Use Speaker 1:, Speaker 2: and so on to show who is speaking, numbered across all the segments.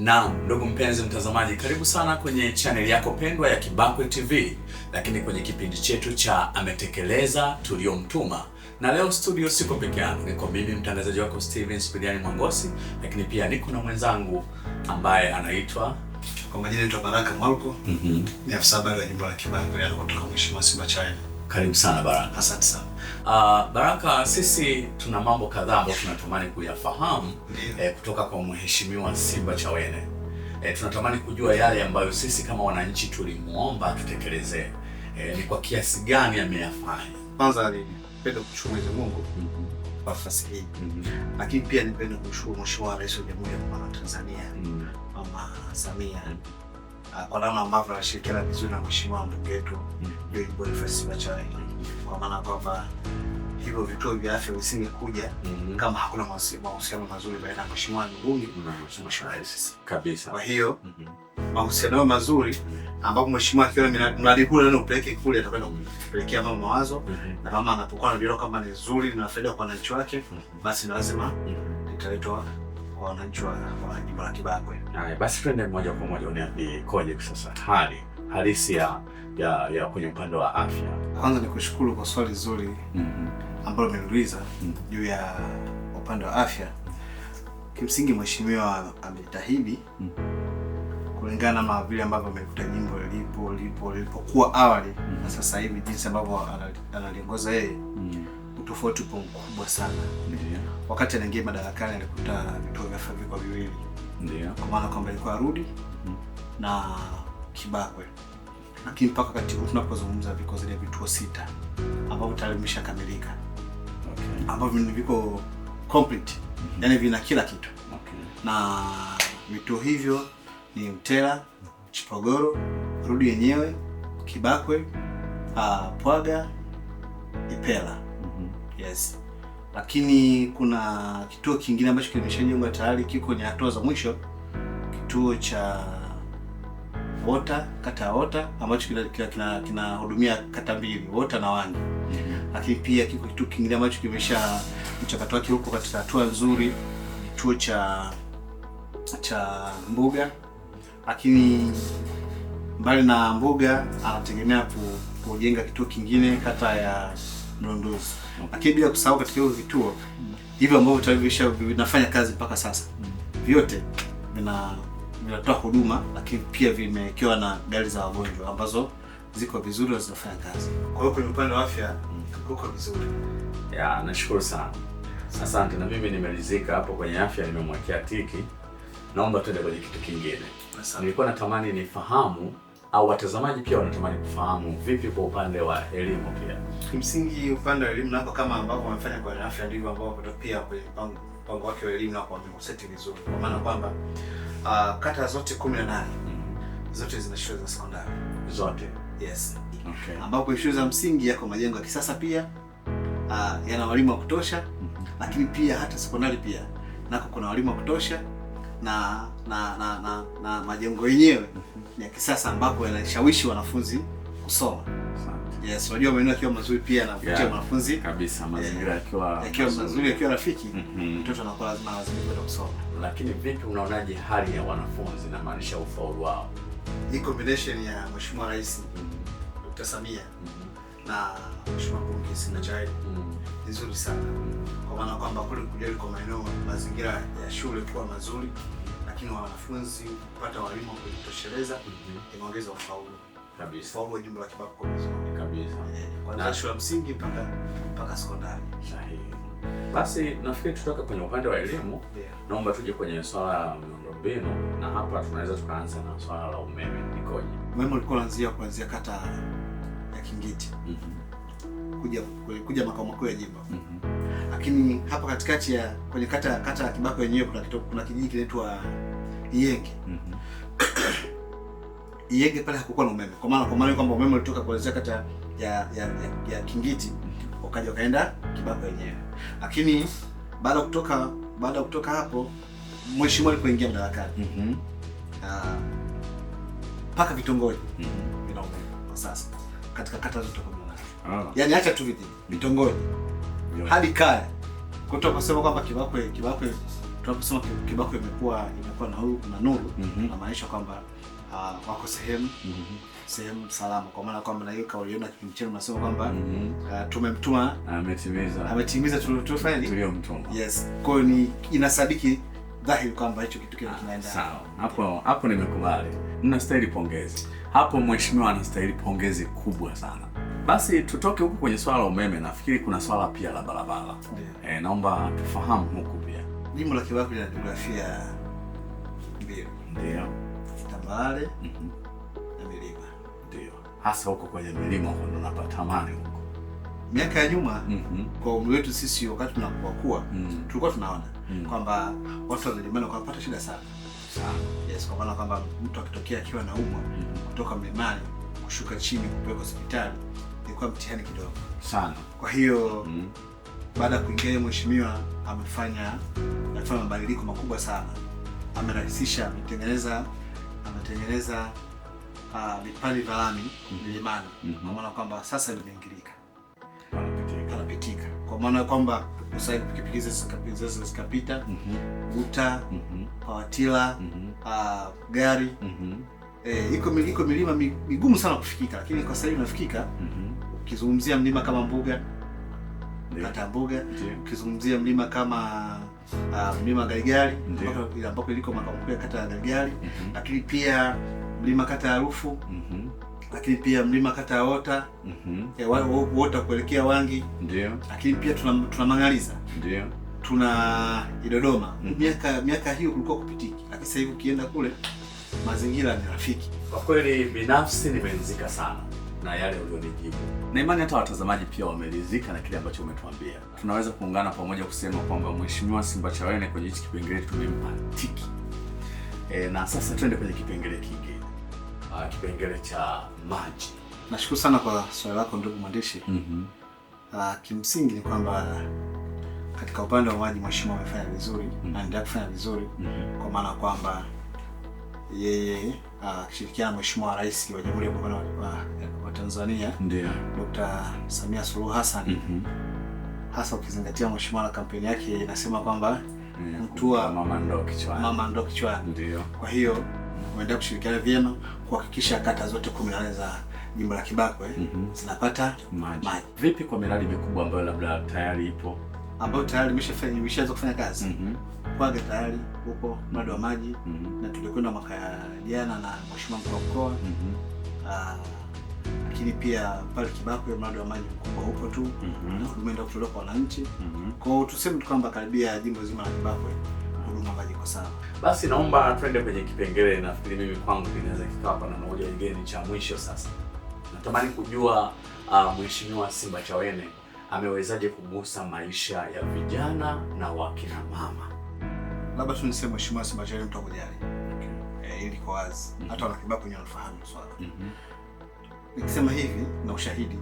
Speaker 1: Na ndugu mpenzi mtazamaji, karibu sana kwenye chaneli yako pendwa ya Kibakwe TV, lakini kwenye kipindi chetu cha ametekeleza tuliyomtuma. Na leo studio siko peke yangu, niko mimi mtangazaji wako Steven Spidiani Mwangosi, lakini pia niko na mwenzangu ambaye anaitwa
Speaker 2: kwa majina ya Baraka Mwalko. Mhm. Mm ni afisa habari wa jimbo la Kibakwe kutoka Mheshimiwa Simba Chai.
Speaker 1: Karibu sana Baraka. Asante sana. Uh, Baraka, sisi tuna mambo kadhaa ambayo tunatamani kuyafahamu eh, kutoka kwa Mheshimiwa Simba Chawene. Eh, tunatamani kujua yale ambayo sisi kama wananchi tulimwomba tutekeleze. eh, ni kwa kiasi gani ameyafanya.
Speaker 2: Kwanza nipende kumshukuru Mwenyezi Mungu kwa nafasi hii, mm-hmm. lakini pia nipende kumshukuru Mheshimiwa Rais wa Jamhuri ya Muungano wa Tanzania mm-hmm. Mama Samia mm-hmm. ah, kwa namna ambavyo anashirikiana vizuri na mheshimiwa mbunge wetu John Boniface Simbachawene kwa maana kwamba hivyo vituo vya afya usingekuja mm -hmm. kama hakuna mahusiano mazuri baina ya mheshimiwa mbunge mm -hmm. na mheshimiwa rais kabisa. Kwa hiyo mm -hmm. mazuri ambapo mheshimiwa akiona mradi kule na upeleke kule atakwenda mhm. kupelekea mama mawazo mm -hmm. na mama anapokuwa anajiona kama ni nzuri na faida kwa wananchi wake, mhm. basi ni mm -hmm. kwa wananchi wa jimbo la Kibakwe.
Speaker 1: Haya basi, twende moja kwa moja, uniambie koje sasa hali halisi ya, ya, ya kwenye upande wa afya.
Speaker 2: Kwanza ni kushukuru kwa swali zuri mm ambalo umeniuliza mm juu ya upande wa afya. Kimsingi mheshimiwa amejitahidi mm kulingana na vile ambavyo amekuta jimbo lilipo lipo lilipokuwa awali mm na sasa hivi jinsi ambavyo analiongoza yeye mm utofauti upo mkubwa sana mm wakati anaingia madarakani alikuta vituo vya afya viko viwili, kwa maana kwamba ilikuwa arudi mm na Kibakwe, lakini mpaka wakati huu tunapozungumza viko zile vituo sita ambavyo tayari vimeshakamilika, okay, ambavyo viko complete mm -hmm. Yani vina kila kitu okay. Na vituo hivyo ni Mtela, Chipogoro, Rudi yenyewe, Kibakwe, uh, Pwaga, Ipela mm -hmm. Yes, lakini kuna kituo kingine ambacho kimeshajengwa tayari, kiko kwenye hatua za mwisho, kituo cha WOTA kata ya WOTA ambacho kinahudumia kina, kina kata mbili WOTA na Wangi mm -hmm. Lakini pia kiko kitu kingine ambacho kimesha mchakato wake huko katika hatua nzuri, kituo cha cha mbuga. Lakini mbali na mbuga anategemea kujenga kituo kingine kata ya Mlondozi, lakini bila kusahau katika hivyo vituo mm. hivyo ambavyo tayari vinafanya kazi mpaka sasa mm. vyote vina vinatoa huduma, lakini pia vimewekewa na gari za wagonjwa ambazo ziko vizuri na zinafanya kazi.
Speaker 1: Kwa hiyo kwenye upande wa afya uko vizuri. Ya, nashukuru sana. Asante. Na mimi nimeridhika hapo kwenye afya, nimemwekea tiki. Naomba tuende kwenye kitu kingine. Nilikuwa natamani nifahamu au watazamaji pia wanatamani kufahamu vipi kwa upande wa elimu pia.
Speaker 2: Kimsingi upande wa elimu nako kama ambavyo wamefanya kwa afya ndivyo ambavyo pia kwenye mpango wake wa elimu nako wameseti vizuri, kwa maana kwamba uh, kata zote kumi na nane mm. zote zina shule za sekondari zote, yes. Okay. Ambapo shule za msingi yako majengo ya kisasa pia uh, yana walimu wa kutosha mm -hmm. Lakini pia hata sekondari pia nako kuna walimu wa kutosha na na na, na, na majengo yenyewe mm -hmm. ya kisasa ambapo yanashawishi wanafunzi kusoma. Yes, unajua maneno yakiwa mazuri pia yanavutia yeah, wanafunzi
Speaker 1: kabisa, eh, mazingira yakiwa
Speaker 2: yakiwa mazuri yakiwa rafiki, mhm. mtoto anakuwa lazima lazima kwenda kusoma.
Speaker 1: Lakini vipi, unaonaje hali ya wanafunzi na maanisha ufaulu wao?
Speaker 2: Hii combination ya Mheshimiwa Rais Dr. Samia mhm. na Mheshimiwa Mbunge Simbachawene mhm. ni nzuri sana, kwa maana kwamba kule kujali kwa maeneo mazingira ya shule kuwa mazuri, lakini wanafunzi kupata walimu wa kujitosheleza imeongeza ufaulu kabisa, form ya jumla kwa
Speaker 1: vizuri kabisa, eh,
Speaker 2: kuanzia shule ya msingi mpaka mpaka sekondari. Sahihi.
Speaker 1: Basi nafikiri tutoke kwenye upande wa elimu, yeah. Naomba tuje kwenye swala la miundombinu na hapa tunaweza tukaanza na swala la umeme nikoje.
Speaker 2: Umeme ulikuwa unaanzia kuanzia kata ya Kingiti mm -hmm. kuja kuja makao makuu ya jimbo mm -hmm. lakini hapa katikati ya kwenye kata kata ya Kibako yenyewe kuna, kuna kijiji kinaitwa Iyenge mm -hmm. Iyege pale hakukuwa na umeme, kwa maana kwa maana kwamba umeme ulitoka kuanzia kata ya ya, ya, ya Kingiti ukaja ukaenda Kibako yenyewe. Lakini baada kutoka baada kutoka hapo mheshimiwa alipoingia madarakani mm -hmm. Ah, paka vitongoji mm -hmm. vina umeme kwa sasa katika kata zote kwa maana ah. yaani acha tu vijiji vitongoji yeah. hadi kaya kutoka kusema kwamba Kibakwe Kibakwe tunaposema Kibakwe imekuwa imekuwa na nuru na nuru mm -hmm. na maanisha kwamba uh, wako sehemu mm -hmm. sehemu salama, kwa maana kwamba na hiyo kauliona kipindi chenu nasema kwamba mm -hmm. uh, tumemtuma
Speaker 1: ametimiza,
Speaker 2: ametimiza tuliofanya tuliomtuma. Yes, kwa hiyo ni inasadiki dhahiri kwamba hicho kitu kile kinaenda ah,
Speaker 1: sawa. Hapo hapo nimekubali, mnastahili pongezi hapo, mheshimiwa anastahili pongezi kubwa sana. Basi tutoke huku kwenye swala la umeme, nafikiri kuna swala pia la barabara yeah. E, naomba tufahamu huku pia
Speaker 2: jimbo la Kibaku lina jiografia mbili ndio yeah tambarare mhm. na milima.
Speaker 1: Ndio hasa huko kwenye milima huko unapata amani huko.
Speaker 2: Miaka ya nyuma mm -hmm. kwa umri wetu sisi, wakati tunakuwa kuwa mm -hmm. tulikuwa tunaona mm -hmm. kwamba watu wa milimani wakapata shida sana sana, yes, kwa maana kwamba mtu akitokea akiwa na umwa mm -hmm. kutoka milimani kushuka chini kupeleka hospitali ilikuwa mtihani kidogo sana. Kwa hiyo mm -hmm. baada ya kuingia mheshimiwa amefanya amefanya mabadiliko makubwa sana, amerahisisha, ametengeneza kutengeneza ah, vipali uh, vya lami milimani mhm. mm -hmm. kwa maana kwamba sasa imeingilika anapitika kwa maana kwamba usai pikipiki zetu zikapita mhm. guta mhm. pawatila ah, gari eh, iko iko milima migumu sana kufikika, lakini kwa sasa hivi inafikika. Ukizungumzia mm -hmm. mlima kama Mbuga, kata Mbuga, ukizungumzia mlima kama Ah, mlima Galigali ambapo iliko makao makuu ya kata ya Galigali mhm. lakini pia mlima kata ya Rufu mhm. lakini pia mlima kata ya Wota mhm. Wota kuelekea Wangi ndio, lakini pia tuna, Mang'aliza ndio tuna Idodoma miaka miaka hiyo kulikuwa kupitiki, lakini sasa hivi ukienda kule mazingira ni rafiki.
Speaker 1: Kwa kweli binafsi nimeridhika sana na yale ulionijibu, na imani hata watazamaji pia wameridhika na kile ambacho umetuambia. Tunaweza kuungana pamoja kusema kwamba Mheshimiwa Simbachawene kwenye hichi kipengele tumempa tiki. E, na sasa twende kwenye kipengele kingine, kipengele cha maji.
Speaker 2: Nashukuru sana kwa swali lako ndugu mwandishi. mm -hmm. Kimsingi ni kwamba katika upande wa maji mheshimiwa amefanya vizuri mm -hmm. anaendelea kufanya vizuri mm -hmm. kwa maana kwamba yeye akishirikiana na Mheshimiwa Rais wa Jamhuri ya Muungano wa Tanzania Dr. Samia Suluhu Hassan mm -hmm. hasa ukizingatia mheshimiwa na kampeni yake inasema kwamba mm, eh, mtua mama ndo kichwani. Kwa hiyo umeendelea kushirikiana vyema kuhakikisha kata zote kumi na za jimbo la Kibakwe mm -hmm. zinapata maji.
Speaker 1: Vipi kwa miradi mikubwa ambayo labda tayari ipo
Speaker 2: ambayo tayari imeshaanza kufanya kazi mm -hmm. Kwake tayari huko mradi wa maji mm -hmm. na tulikwenda mwaka jana na mheshimiwa mkuu wa mkoa mm -hmm. lakini pia pale ya mradi wa maji mkubwa huko tu mm -hmm. huduma kutolewa kwa wananchi mm -hmm. kwao, tuseme tu kwamba karibia jimbo zima la Kibakwe huduma maji kwa sana.
Speaker 1: Basi naomba twende kwenye kipengele, nafikiri mimi kwangu inaweza kikawa pana moja igeni cha mwisho. Sasa natamani kujua uh, mheshimiwa Chawene amewezaje kugusa maisha ya vijana na wakina mama?
Speaker 2: Labda tu niseme mheshimiwa Simbachawene mtakujali. Okay. Eh, ili kwa wazi mm -hmm. hata wanakibabu wenyewe wanafahamu swala. mm -hmm. Nikisema hivi na ushahidi,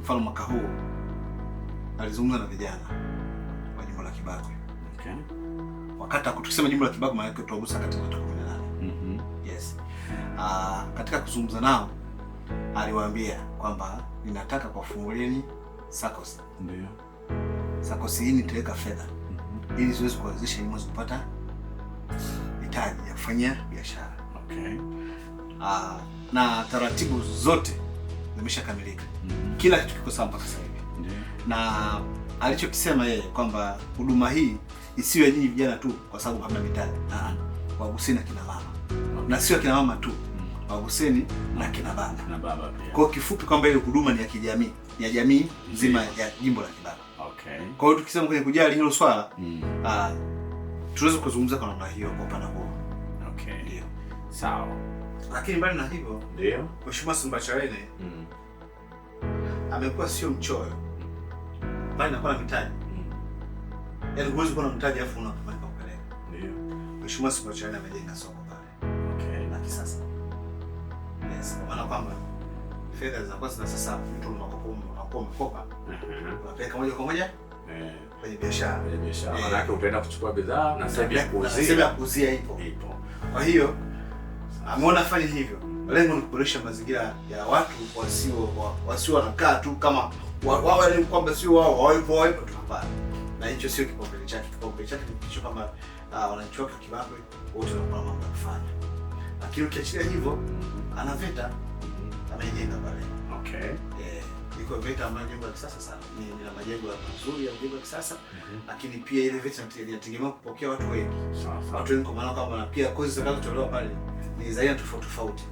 Speaker 2: mfano mwaka huu alizungumza na vijana wa jimbo la Kibakwe. Okay. Wakati tukisema jimbo la Kibakwe maana yake tunagusa katika watu 18. Mhm. Yes. Ah, katika kuzungumza nao aliwaambia kwamba ninataka kuwafungulieni SACCOS. Ndio. SACCOS hii nitaweka fedha mm -hmm. ili ziweze kuwezesha mwezi kupata mitaji ya kufanyia biashara. Okay. Ah, na taratibu zote zimeshakamilika. mm -hmm. Kila kitu kiko sawa mpaka sasa hivi. Na alichokisema yeye kwamba huduma hii isiwe nyinyi vijana tu kwa sababu hamna mitaji. Ah, wagusina kina mama. Na sio kina mama tu Mahuseni na kina Baba. Na Baba pia. Kwa kifupi kwamba ile huduma ni ya kijamii, ni ya jamii nzima ya jimbo la Kibaba. Okay. Kwa hiyo tukisema kwenye kujali hilo swala, mm. ah tunaweza kuzungumza kwa namna hiyo kwa upana huo.
Speaker 1: Okay. Ndio. Sawa.
Speaker 2: Lakini mbali na hivyo, ndio. Mheshimiwa Simbachawene mm. amekuwa sio mchoyo. Bali anakuwa na mitaji. Mm. Yaani huwezi kuwa na mtaji afu unapeleka. Ndio. Mheshimiwa Simbachawene amejenga soko pale. Okay. Na kisasa maana kwamba fedha zinakuwa zina sasa, mtu unakuwa umekopa mhm. unapeleka moja kwa moja eh. kwenye biashara,
Speaker 1: biashara eh. maana yake utaenda kuchukua bidhaa na sehemu ya kuuzia
Speaker 2: ya kuuzia ipo. ipo. Kwa hiyo ameona afanye hivyo, lengo ni kuboresha mazingira ya watu wasio wasio wanakaa tu kama wao, yaani kwamba sio wao wawepo wawepo tu, hapana. Na hicho sio kipaumbele chake. Kipaumbele chake ni kicho kama ah, wananchi wake Kibakwe wote wanakuwa mambo ya kufanya lakini ukiachilia hivyo ana VETA amejenga pale.
Speaker 1: Okay. Eh,
Speaker 2: iko VETA ambayo jengo la kisasa sana. Ni, ni majengo mazuri ya jengo la kisasa. Mhm. Lakini pia ile VETA inategemea kupokea watu wengi. Sawa. Watu wengi kwa maana kama pia kozi zitakazotolewa pale ni za aina tofauti tofauti.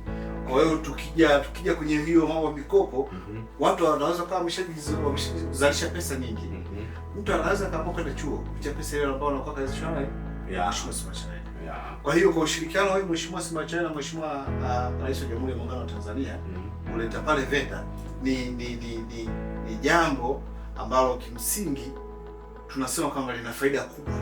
Speaker 2: Kwa hiyo tukija tukija kwenye hiyo mambo mikopo, mm -hmm. watu wanaweza kama wameshazalisha pesa nyingi. Mhm. Mtu anaweza kama kwenda chuo kupitia pesa ile ambayo anakuwa kaza shule ya Ashmas Mashana. Kwa hiyo kwa ushirikiano wa Mheshimiwa Simbachawene na Mheshimiwa uh, Rais wa Jamhuri ya Muungano wa Tanzania mm. kuleta pale VETA ni ni, ni ni ni jambo ambalo kimsingi tunasema kwamba lina faida kubwa.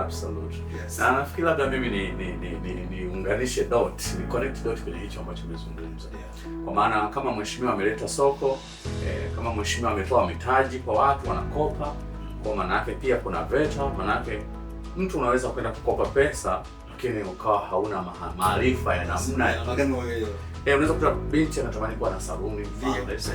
Speaker 1: Absolutely. Yes. Na nafikiri labda mimi ni ni ni, ni, ni dot ni connect dot kwenye hicho ambacho umezungumza. Yeah. Kwa maana kama mheshimiwa ameleta soko eh, kama mheshimiwa ametoa mitaji kwa watu wanakopa, kwa maana yake pia kuna VETA, maana yake mtu unaweza kwenda kukopa pesa lakini ukawa hauna maarifa ya namna ya Eh, unaweza kuta binti anatamani kuwa na saluni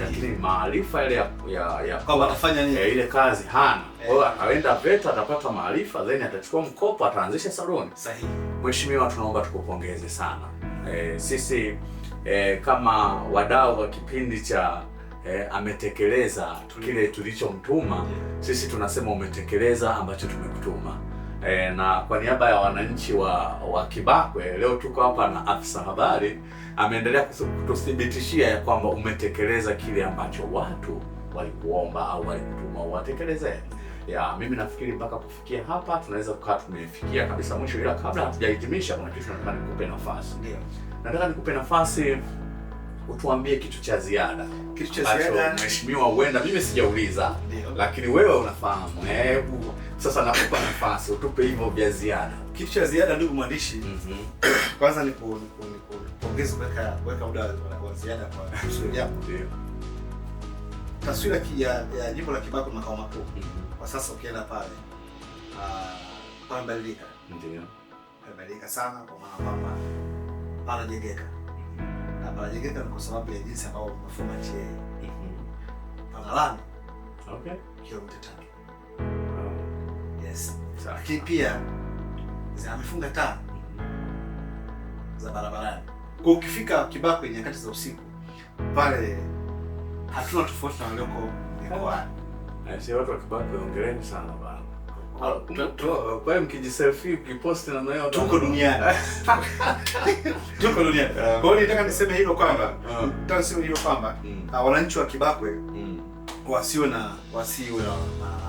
Speaker 1: lakini maarifa ile ya ya, ya
Speaker 2: kwa atafanya nini?
Speaker 1: Eh, ile kazi hana. Eh. Kwa hiyo akaenda VETA atapata maarifa then atachukua mkopo ataanzisha saluni. Sahihi. Mheshimiwa, tunaomba tukupongeze sana. Eh, sisi eh, kama wadau wa kipindi cha eh, ametekeleza kile tulichomtuma, sisi tunasema umetekeleza ambacho tumekutuma. E, na kwa niaba ya wananchi wa wa Kibakwe leo tuko hapa na afisa habari ameendelea kututhibitishia ya kwamba umetekeleza kile ambacho watu walikuomba au walikutuma uwatekelezee. Ya, mimi nafikiri mpaka kufikia hapa tunaweza kukaa tumefikia kabisa mwisho, ila kabla hatujahitimisha kuna kitu nataka nikupe nafasi. Ndio. Nataka nikupe nafasi utuambie kitu cha ziada.
Speaker 2: Kitu cha ziada
Speaker 1: mheshimiwa, huenda mimi sijauliza, lakini wewe unafahamu. Hebu sasa nakupa nafasi utupe hivyo vya ziada.
Speaker 2: Kitu cha ziada ndugu mwandishi, mm -hmm. Kwanza ni kupongeza weka, kuweka muda wa ziada kwa
Speaker 1: kusudi yako. Ndio.
Speaker 2: Taswira ya, ya jimbo la Kibako makao makuu mm -hmm. Kwa sasa ukienda pale uh, pamebadilika. Ndio. Pamebadilika sana kwa maana kwamba panajengeka mhm. na panajengeka ni kwa sababu ya jinsi ambavyo mafumati yeye. Mhm. Panalani. Okay. Kilomita tatu yes. Lakini pia amefunga taa za barabarani. Kwa ukifika Kibakwe nyakati za usiku pale, hatuna tofauti na walioko mikoani.
Speaker 1: Watu wa Kibakwe ongeleni sana bana. Kwa mkijiselfie namna hiyo
Speaker 2: tuko duniani. Tuko duniani. Ah. Kwa hiyo nataka niseme hilo kwamba ah. nataka niseme hilo kwamba mm. ah, wananchi wa Kibakwe mm. wasiwe na wasiwe na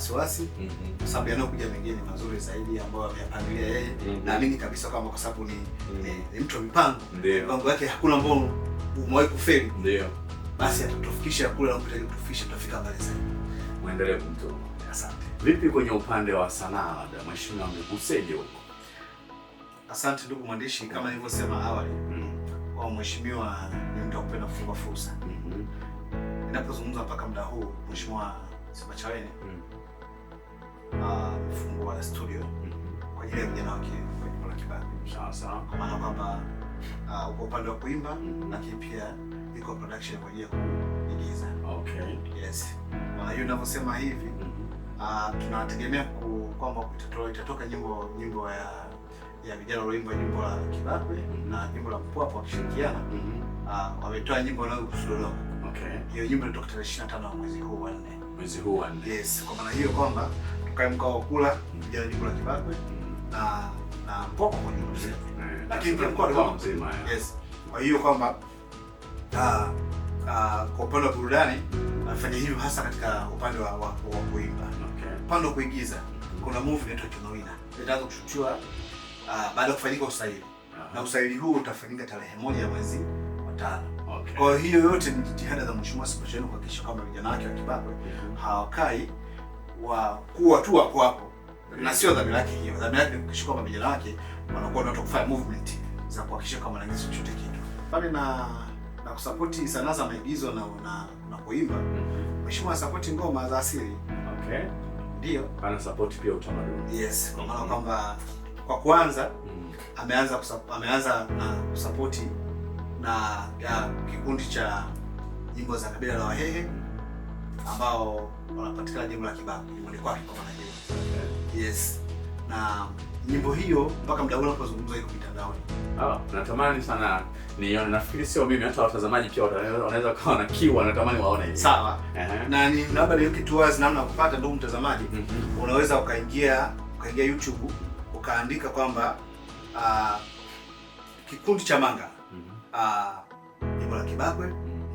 Speaker 2: wasiwasi mm -hmm. kwa sababu yanayokuja mengine ni mazuri zaidi ambayo ameyapangilia yeye mm -hmm. naamini kabisa kwamba kwa sababu ni, mm -hmm. ni mtu wa mipango mipango yake hakuna ambao umewahi kufeli ndio basi atatufikisha kule anakotakiwa kutufikisha, tutafika mbali zaidi.
Speaker 1: Muendelee kumtuma. Asante. Vipi kwenye upande wa sanaa, labda mheshimiwa amekuseje huko?
Speaker 2: Asante ndugu mwandishi, kama mm. nilivyosema awali mm. kwa mheshimiwa ni mtu akupenda kufunga fursa mm -hmm. ninapozungumza mpaka muda huu mheshimiwa Simbachawene mm kufungua studio mm-hmm. kwa ajili ya vijana wake kuna kibali.
Speaker 1: Sawa sawa, kwa
Speaker 2: maana kwamba uko uh, upande wa kuimba mm-hmm. lakini pia iko production kwa ajili ya kuigiza.
Speaker 1: Okay,
Speaker 2: yes. Na hiyo ninavyosema hivi mm-hmm. uh, tunategemea kwamba itatoka nyimbo nyimbo ya ya vijana walioimba nyimbo la Kibakwe na nyimbo la Mpwapo wakishirikiana uh, wametoa nyimbo inayohusu Dodoma. Okay, hiyo nyimbo itatoka tarehe 25 mwezi huu wa nne,
Speaker 1: mwezi huu wa nne.
Speaker 2: Yes, kwa maana hiyo kwamba ukaemka kula jana kula kibakwe na na mkoko kwenye eh, mzee,
Speaker 1: lakini pia mkoa
Speaker 2: ndio mzima. Eh. Yes, kwa hiyo kwamba ah, ah, kwa upande wa burudani nafanya hivyo hasa katika upande wa wa kuimba. Upande wa kuigiza kuna movie inaitwa Kinowina itaanza kushutiwa ah, baada ya kufanyika usaili, na usaili huu utafanyika tarehe moja ya mwezi wa tano. Kwa hiyo yote ni jitihada za Mheshimiwa Simbachawene kuhakikisha kwamba vijana wake wa Kibakwe mm-hmm. hawakai wa kuwa tu wako hapo na sio dhamira yake hiyo. Dhamira yake ni kushika kwa vijana wake wanakuwa ndio kufanya movement za kuhakikisha kama wanaingiza chochote kitu. Bali na na kusupport sanaa za maigizo na na unapoimba. Mm-hmm. Mheshimiwa support ngoma za asili. Okay. Ndio.
Speaker 1: Ana support pia utamaduni.
Speaker 2: Yes, kwa maana kwamba kwa kwanza mm-hmm. ameanza kusap, ameanza na kusupport na ya, kikundi cha nyimbo za kabila la Wahehe ambao wanapatikana jimbo la Kibaha jimboni kwake kwa maana hiyo. Yes. Na nyimbo hiyo mpaka muda huu unapozungumza iko mitandaoni.
Speaker 1: Ah, natamani sana nione. Nafikiri sio mimi, hata watazamaji pia wanaweza kuwa na kiu, wanatamani waone hiyo.
Speaker 2: Sawa. Uh-huh. Na ni labda leo kitu wazi namna kupata ndugu mtazamaji. Mm -hmm. Unaweza ukaingia ukaingia YouTube ukaandika kwamba uh, kikundi cha Manga. Mm -hmm. Uh, jimbo la Kibakwe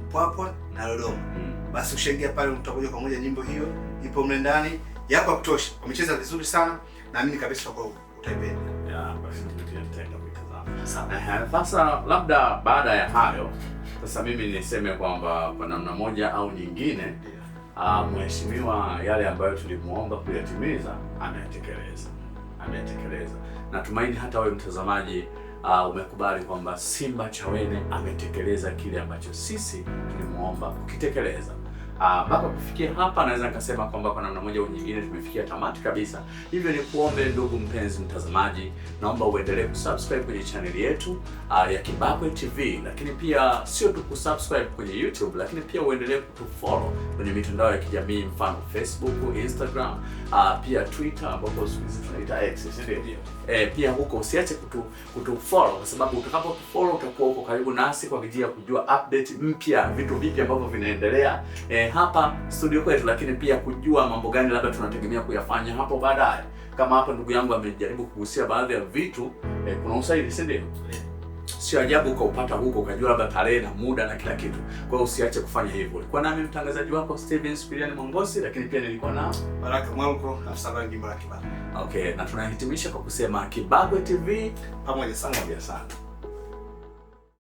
Speaker 2: Mpwapwa na Dodoma. Mm. Basi ushaingia pale utakuja kwa moja, nyimbo hiyo ipo mle ndani yako ya kutosha. Wamecheza vizuri sana, naamini kabisa kwa utaipenda.
Speaker 1: basi tutaenda Sasa labda baada ya hayo sasa mimi niseme kwamba kwa namna moja au nyingine yeah, mheshimiwa yale ambayo tulimwomba kuyatimiza ameyatekeleza, ameyatekeleza. Natumaini hata wewe mtazamaji uh, umekubali kwamba Simba Chawene ametekeleza kile ambacho sisi tulimwomba kukitekeleza. Ah, mpaka uh, kufikia hapa naweza nikasema kwamba kwa namna moja au nyingine tumefikia tamati kabisa. Hivyo ni kuombe ndugu mpenzi mtazamaji, naomba uendelee kusubscribe kwenye channel yetu uh, ya Kibakwe TV, lakini pia sio tu kusubscribe kwenye YouTube, lakini pia uendelee kutufollow kwenye mitandao ya kijamii mfano Facebook, Instagram, uh, pia Twitter ambapo siku tunaita X, ndio eh, pia huko usiache kutu, kutufollow kwa sababu utakapo utakapotufollow utakuwa uko karibu nasi kwa ajili ya kujua update mpya, vitu vipya ambavyo vinaendelea eh, hapa studio kwetu, lakini pia kujua mambo gani labda tunategemea kuyafanya hapo baadaye. Kama hapo ndugu yangu amejaribu kugusia baadhi ya vitu eh, kuna usaidi, si ndio? Sio ajabu ukaupata huko ukajua labda tarehe na muda na kila kitu. Kwa hiyo usiache kufanya hivyo. Kwa nami mtangazaji wako Steven Spiriani Mongosi, lakini pia nilikuwa na
Speaker 2: Baraka Mwamko afisa bangi Baraka.
Speaker 1: Okay, na tunahitimisha kwa kusema Kibagwe TV
Speaker 2: pamoja sana. Pamoja sana.